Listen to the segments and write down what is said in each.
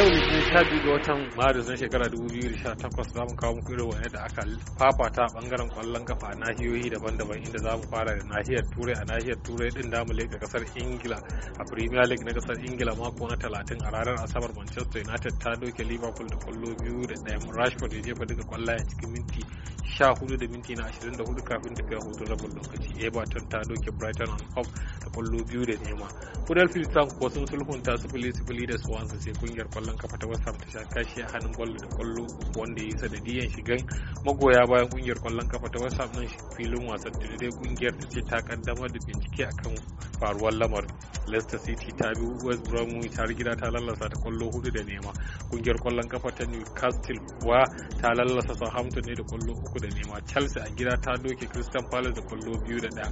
yau litinin sha biyu ga watan maris na shekara 2018 za mu kawo muku irin wani da aka fafata a bangaren kwallon kafa a nahiyoyi daban-daban inda za mu fara da nahiyar turai a nahiyar turai din damu leka kasar ingila a premier league na kasar ingila mako na talatin a ranar asabar manchester united ta doke liverpool da kwallo biyu da ɗaya rashford ya jefa duka kwallaye cikin minti sha hudu da minti na ashirin da hudu kafin tafiya hutun rabin lokaci everton ta doke brighton and hove da kwallo biyu da nema huddersfield town kuwa sun sulhunta sifili sifili da swansea sai kungiyar kwallon kafa ta wasa ta sha kashi a hannun kwallo da kwallo wanda ya yi sanadiyan shigan magoya bayan kungiyar kwallon kafa ta wasa nan filin wasan da kungiyar ta ce ta kaddamar da bincike akan faruwar lamar leicester city ta bi west bromwich har gida ta lallasa ta kwallo hudu da nema kungiyar kwallon kafa ta newcastle kuwa ta lallasa southampton ne da kwallo uku da nema chelsea a gida ta doke crystal palace da kwallo biyu da daya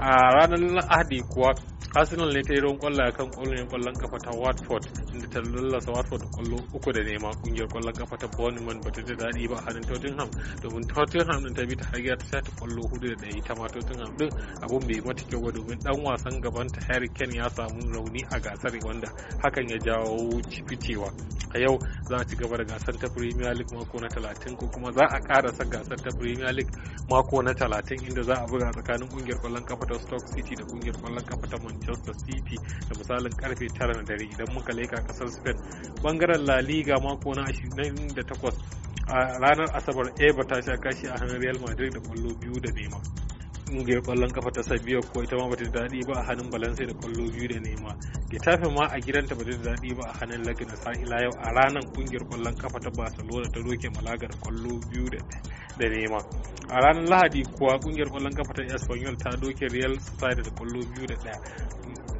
a ranar lahadi kuwa arsenal ne ta yi ruwan kwallo a kan kwallon kwallon kafa ta watford inda ta lallasa watford kwallo uku da nema kungiyar kwallon kafa ta bournemouth ba ta daɗi ba a hannun tottenham domin tottenham din ta bi ta har ta sha ta kwallo hudu da ɗaya ta ma tottenham din abun bai mata kyau ba domin dan wasan gaban ta harry kane ya samu rauni a gasar wanda hakan ya jawo ficewa a yau za a ci gaba da gasar ta premier league mako na talatin ko kuma za a karasa gasar ta premier league mako na talatin inda za a buga tsakanin kungiyar kwallon kafa ta stoke city da kungiyar kwallon kafa ta Manchester City da misalin karfe 9 na dare idan muka leka kasar Spain bangaren La Liga mako na 28 a ranar Asabar Eba ta sha kashi a hannun Real Madrid da kwallo biyu da nema. kungiyar kwallon kafa ta sabiya ko ita ma bata daɗi ba a hannun balance da kwallo biyu da nema getafe ma a gidanta bata daɗi ba a hannun lagina sa yau a ranar kungiyar kwallon kafa ta barcelona ta roke malaga da kwallo biyu da nema a ranar lahadi kuwa kungiyar kwallon kafa ta espanyol ta doke real Sociedad da kwallo biyu da ɗaya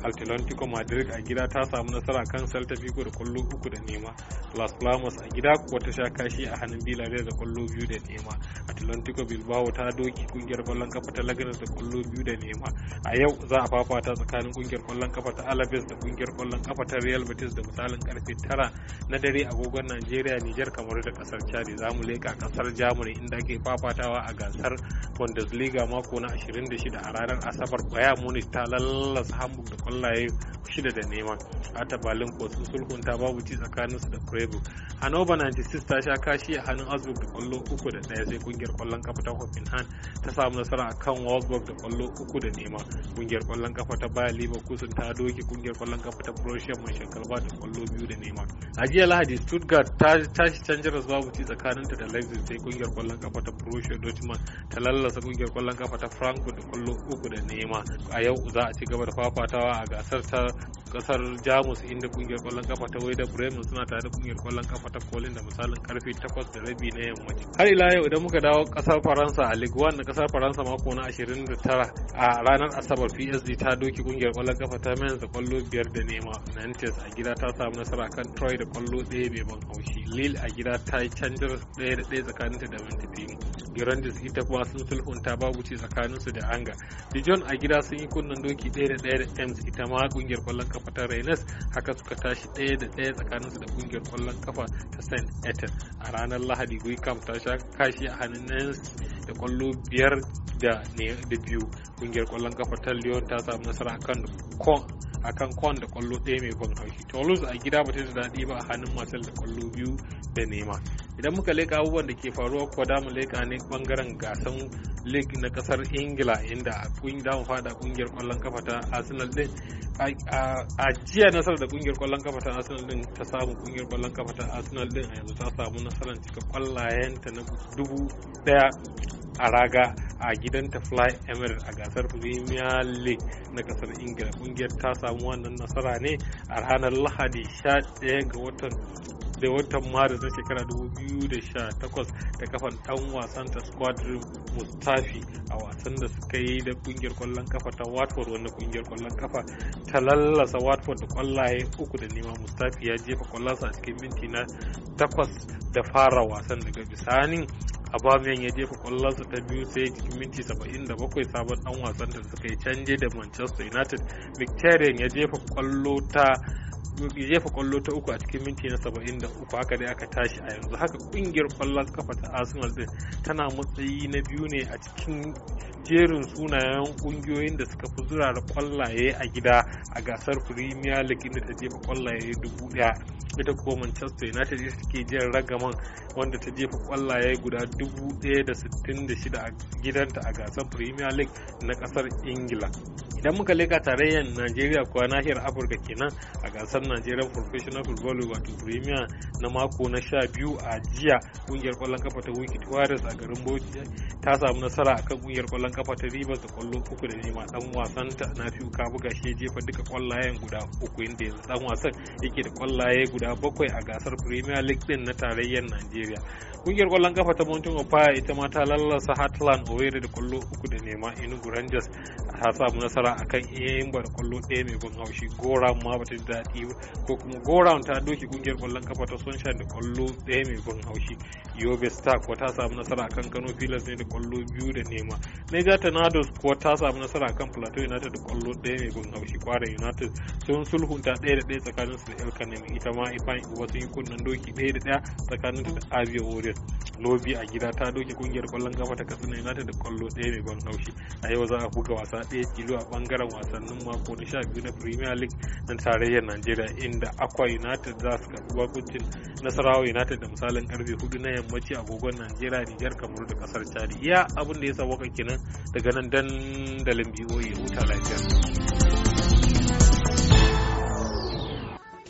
Atlantico Madrid a gida ta samu nasara kan Celta Vigo da kwallo uku da nema. Las Palmas a gida kuwa ta sha kashi a hannun Villarreal da kwallo biyu da nema. Atlantico Bilbao ta doki kungiyar kwallon kafa ta Lagares da kwallo biyu da nema. A yau za a fafata tsakanin kungiyar kwallon kafa ta Alaves da kungiyar kwallon kafa ta Real Betis da misalin karfe tara na dare agogon Najeriya, niger kamar da kasar Chad. Za mu leka kasar Germany inda ake fafatawa a gasar Bundesliga mako na 26 a ranar Asabar Bayern Munich ta lallasa Hamburg da ya shida da neman a tabalin kotu sulhunta babu ci tsakaninsu da Kurebu. hanover 96 ta sha kashi a hannun augsburg da kwallo uku da daya sai kungiyar kwallon kafa ta hoffenheim ta samu nasara a kan wolfsburg da kwallo uku da nema kungiyar kwallon kafa ta bayer leverkusen ta doke kungiyar kwallon kafa ta borussia mönchengladbach da kwallo biyu da nema a jiya lahadi stuttgart ta tashi canjaras babu ci tsakaninta da leipzig sai kungiyar kwallon kafa ta borussia dortmund ta lallasa kungiyar kwallon kafa ta frankfurt da kwallo uku da nema a yau za a ci gaba da fafatawa a gasar ta kasar jamus inda kungiyar kwallon kafa ta wai da bremen suna tare da kungiyar kwallon kafa ta kolin da misalin karfe 8 da rabi na yammaci har ila yau idan muka dawo kasar faransa a ligue 1 na kasar faransa mako na 29 a ranar asabar psd ta doki kungiyar kwallon kafa ta mainz da kwallo biyar da nema nantes a gida ta samu nasara kan troy da kwallo ɗaya mai ban haushi lille a gida ta yi canjar ɗaya da ɗaya tsakaninta da mintafi girandis ita kuma sun sulhunta babu ci tsakaninsu da anga dijon a gida sun yi kunnen doki ɗaya da ɗaya da ems ita ma kungiyar kwallon kafa ta Rennes haka suka tashi ɗaya da ɗaya tsakaninsu da kungiyar kwallon kafa ta Saint Etienne a ranar Lahadi Guicam ta sha kashi a hannun da kwallo biyar da biyu kungiyar kwallon kafa ta Lyon ta samu nasara akan akan kon da kwallo ɗaya mai ban haushi toulouse a gida ba ta da daɗi ba a hannun marcel da kwallo biyu da nema idan muka leka abubuwan da ke faruwa kuwa da mu leka ne bangaren gasan league na kasar ingila inda da mu fada kungiyar kwallon kafa ta arsenal din a jiya nasarar da kungiyar kwallon kafa ta arsenal din ta samu kungiyar kwallon kafa ta arsenal din a yanzu ta samu nasarar cika ta na dubu daya a raga a gidanta fly emirates a gasar premier league na kasar ingila kungiyar ta samu wannan nasara ne a ranar lahadi 11 ga watan da watan maris na shekara 2018 da kafan dan wasan ta squadron mustafi a wasan da suka yi da kungiyar kwallon kafa ta watford wanda kungiyar kwallon kafa ta lallasa watford da kwallaye uku da nema mustafi ya jefa kwallonsa a cikin minti na takwas da fara wasan daga bisanin Aubameyang ya jefa kwallonsa ta biyu sai cikin minti 77 sabon dan wasan da suka yi canje da Manchester United. Victorian ya jefa kwallo ta jefa kwallo ta uku a cikin minti na 73 haka dai aka tashi a yanzu haka kungiyar kwallon kafa ta arsenal din tana matsayi na biyu ne a cikin jerin sunayen kungiyoyin da suka fi zura da kwallaye a gida a gasar premier league inda ta jefa kwallaye dubu daya ita kuma manchester united ita take jiran ragaman wanda ta jefa kwallaye guda dubu daya da sittin da shida a gidanta a gasar premier league na kasar ingila idan muka leka tarayyar najeriya kuwa nahiyar afirka kenan a gasar najeriya professional football wato premier na mako na sha biyu a jiya kungiyar kwallon kafa ta wiki Tuwaris a garin bauchi ta samu nasara akan kungiyar kwallon kafa ta ribas da kwallo uku da nema dan wasan ta na fi ka buga shi jefa duka kwallayen guda uku inda yanzu dan wasan yake da kwallaye guda bakwai a gasar premier league din na tarayyar najeriya kungiyar kwallon kafa ta mountain of fire ita ma ta lallasa heartland owerri da kwallo uku da nema enugu rangers ta samu nasara akan ba da kwallo ɗaya mai ban haushi gora ma bata ji daɗi ko kuma gora ta doki kungiyar kwallon kafa ta sunshan da kwallo ɗaya mai ban haushi yobe stark ko ta samu nasara akan kano pilas ne da kwallo biyu da nema mega tornadoes kuwa ta samu nasara kan plateau united da kwallo ɗaya mai gun haushi kwara united sun sulhunta ɗaya da ɗaya tsakanin su da el kanemi ita ma ifan uba sun yi kunnen doki ɗaya da ɗaya tsakanin su da avio warriors lobi a gida ta doke kungiyar kwallon kafa ta katsina united da kwallo ɗaya mai ban haushi a yau za a buga wasa ɗaya tilo a bangaren wasannin mako na sha biyu na premier league na tarayyar najeriya inda akwa united za su karɓi bakuncin nasarawa united da misalin karfe hudu na yammaci a agogon najeriya nijar kamaru da ƙasar chad iya abin da ya sa waka kenan daga nan dandalin biyoyi e, huta lafiya